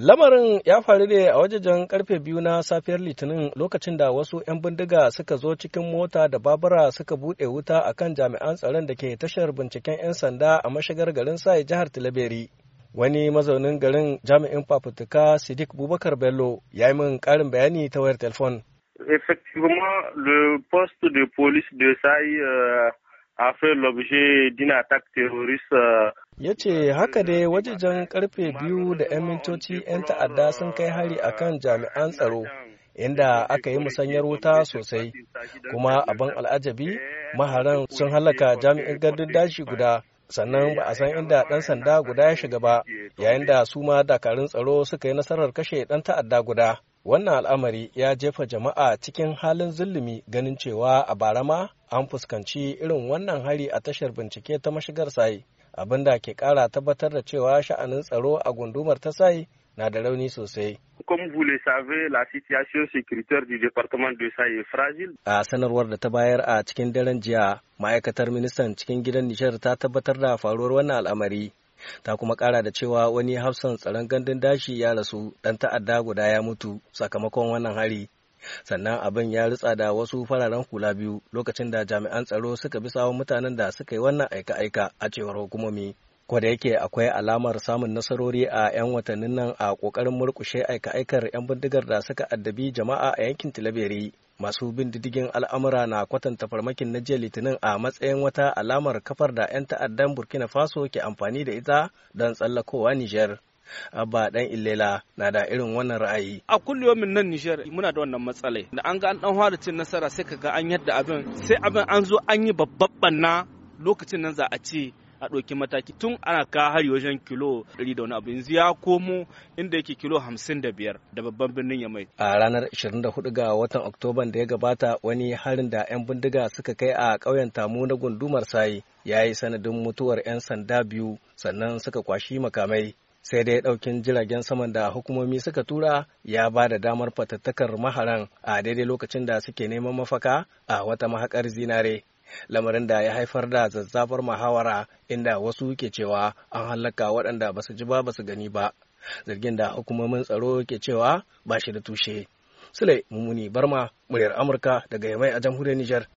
Lamarin ya faru ne a wajejen karfe biyu na safiyar Litinin lokacin da wasu 'yan bindiga suka zo cikin mota da babura suka buɗe wuta a kan jami'an tsaron da ke tashar binciken 'yan sanda a mashigar garin sai jihar Tilaberi. Wani mazaunin garin jami'in fafutuka Sidik Bubakar Bello ya yi min ƙarin bayani ta wayar telefon. Effectivement, le poste de police de Saï euh, a fait l'objet d'une attaque terroriste euh, ya ce haka dai wajajen karfe biyu da 'yan mintoci 'yan ta'adda sun kai hari a kan jami'an tsaro inda aka yi musanyar wuta sosai kuma abin al'ajabi maharan sun halaka jami'in gandun dashi guda sannan ba a san inda ɗan sanda guda ya shiga ba yayin da su ma dakarun tsaro suka yi nasarar kashe ɗan ta'adda guda wannan al'amari ya jefa jama'a cikin halin zulumi ganin cewa a barama an fuskanci irin wannan hari a tashar bincike ta mashigar sai abin da ke kara tabbatar da cewa sha'anin tsaro a gundumar ta sai na da rauni sosai. Comme vous le savez, la situation sécuritaire du département de Sahel est fragile. A sanarwar da ta bayar a cikin daren jiya, ma'aikatar ministan cikin gidan Nijar ta tabbatar da faruwar wannan al'amari. Ta kuma kara da cewa wani hafsan tsaron gandun dashi ya rasu, dan ta'adda guda ya mutu sakamakon wannan hari. sannan abin ya ritsa da wasu fararen kula biyu lokacin da jami'an tsaro suka bi sawon mutanen da suka yi wannan aika-aika a cewar hukumomi da yake akwai alamar samun nasarori a 'yan watannin nan a kokarin murkushe aika-aikar 'yan bindigar da suka addabi jama'a a yankin tilaberi masu bin diddigin al'amura na kwatanta farmakin na jiya litinin a matsayin wata alamar kafar da 'yan ta'addan burkina faso ke amfani da ita don tsallakowa niger abba dan illela na da irin wannan ra'ayi a kulliyomin nan Nijar muna da wannan matsalai da an ga an dan fara cin nasara sai kaga an yadda abin sai abin an zo an yi babban na lokacin nan za a ce a ɗauki mataki tun ana ka har wajen kilo 100 da wani abu yanzu ya komo inda yake kilo 55 da babban birnin ya mai. A ranar 24 ga watan Oktoban da ya gabata wani harin da 'yan bindiga suka kai a ƙauyen Tamu na gundumar Sayi ya yi sanadin mutuwar 'yan sanda biyu sannan suka kwashi makamai sai dai ɗaukin jiragen saman da hukumomi suka tura ya ba da damar fatattakar maharan a daidai lokacin da suke neman mafaka a wata mahakar zinare lamarin da ya haifar da zazzafar muhawara inda wasu ke cewa an hallaka waɗanda ba su ji ba ba su gani ba zargin da hukumomin tsaro ke cewa ba shi da tushe sule mummuni barma muryar amurka daga yamai a jamhuriyar nijar